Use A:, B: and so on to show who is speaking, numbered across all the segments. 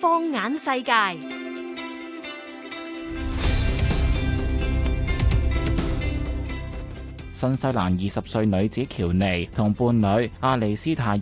A: 放眼世界，新西蘭二十歲女子喬尼同伴侶阿里斯塔爾，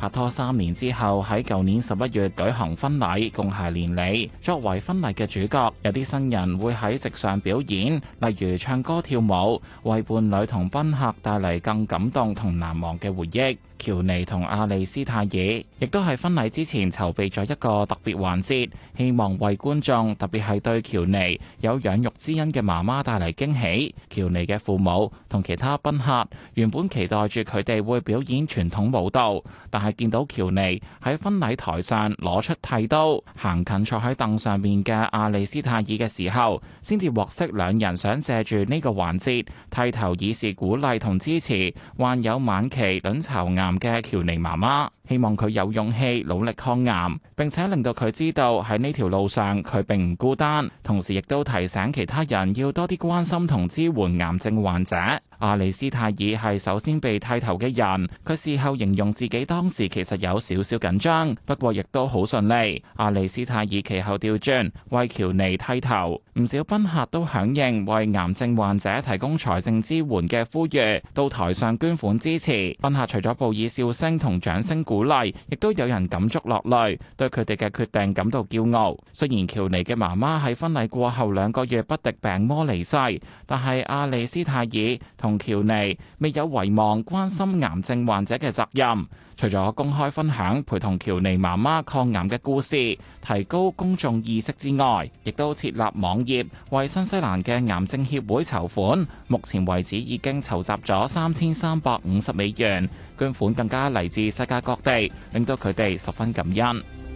A: 拍拖三年之後，喺舊年十一月舉行婚禮，共諧連理。作為婚禮嘅主角，有啲新人會喺席上表演，例如唱歌跳舞，為伴侶同賓客帶嚟更感動同難忘嘅回憶。喬尼同阿里斯泰爾亦都係婚禮之前籌備咗一個特別環節，希望為觀眾，特別係對喬尼有養育之恩嘅媽媽帶嚟驚喜。喬尼嘅父母同其他賓客原本期待住佢哋會表演傳統舞蹈，但係見到喬尼喺婚禮台上攞出剃刀，行近坐喺凳上面嘅阿歷斯塔爾嘅時候，先至獲悉兩人想借住呢個環節剃頭，以示鼓勵同支持患有晚期卵巢癌嘅喬尼媽媽，希望佢有勇氣努力抗癌，並且令到佢知道喺呢條路上佢並唔孤單，同時亦都提醒其他人要多啲關心同支援癌症患者。阿里斯泰爾係首先被剃頭嘅人，佢事後形容自己當時其實有少少緊張，不過亦都好順利。阿里斯泰爾其後調轉為喬尼剃頭，唔少賓客都響應為癌症患者提供財政支援嘅呼籲，到台上捐款支持。賓客除咗報以笑聲同掌聲鼓勵，亦都有人感觸落淚，對佢哋嘅決定感到驕傲。雖然喬尼嘅媽媽喺婚禮過後兩個月不敵病魔離世，但係阿里斯泰爾同喬尼未有遺忘關心癌症患者嘅責任，除咗公開分享陪同喬尼媽媽抗癌嘅故事，提高公眾意識之外，亦都設立網頁為新西蘭嘅癌症協會籌款。目前為止已經籌集咗三千三百五十美元捐款，更加嚟自世界各地，令到佢哋十分感恩。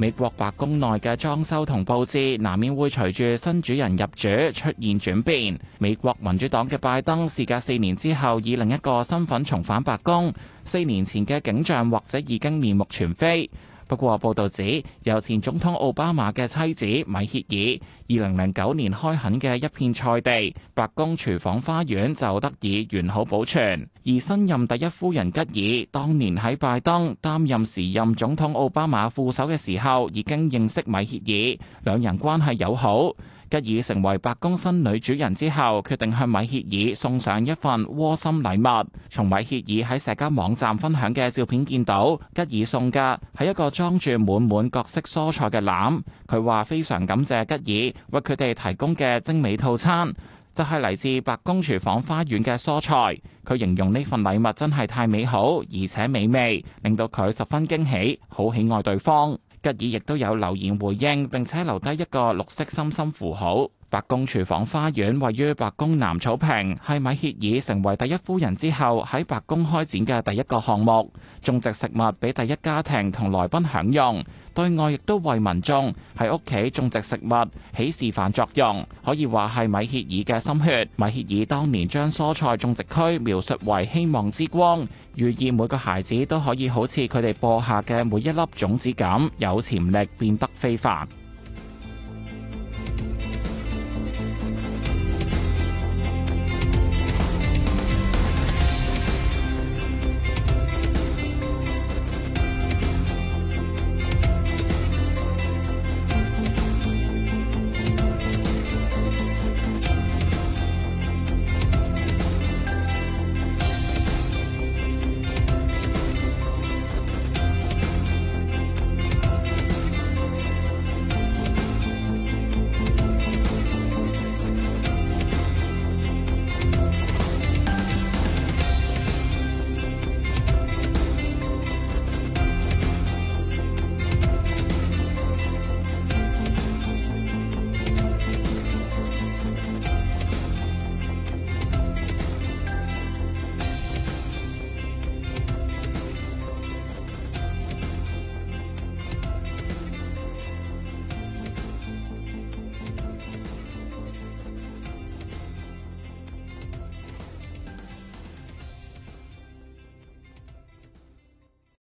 A: 美國白宮內嘅裝修同佈置，難免會隨住新主人入主出現轉變。美國民主黨嘅拜登，事隔四年之後以另一個身份重返白宮，四年前嘅景象或者已經面目全非。不過，報道指由前總統奧巴馬嘅妻子米歇爾二零零九年開墾嘅一片菜地，白宮廚房花園就得以完好保存。而新任第一夫人吉爾當年喺拜登擔任時任總統奧巴馬副手嘅時候，已經認識米歇爾，兩人關係友好。吉爾成為白宮新女主人之後，決定向米歇爾送上一份窩心禮物。從米歇爾喺社交網站分享嘅照片見到，吉爾送嘅係一個裝住滿滿各式蔬菜嘅籃。佢話非常感謝吉爾為佢哋提供嘅精美套餐，就係嚟自白宮廚房花園嘅蔬菜。佢形容呢份禮物真係太美好，而且美味，令到佢十分驚喜，好喜愛對方。吉爾亦都有留言回應，並且留低一個綠色心心符號。白宮廚房花園位於白宮南草坪，係米歇爾成為第一夫人之後喺白宮開展嘅第一個項目。種植食物俾第一家庭同來賓享用，對外亦都為民眾喺屋企種植食物，起示範作用，可以話係米歇爾嘅心血。米歇爾當年將蔬菜種植區描述為希望之光，寓意每個孩子都可以好似佢哋播下嘅每一粒種子咁，有潛力變得非凡。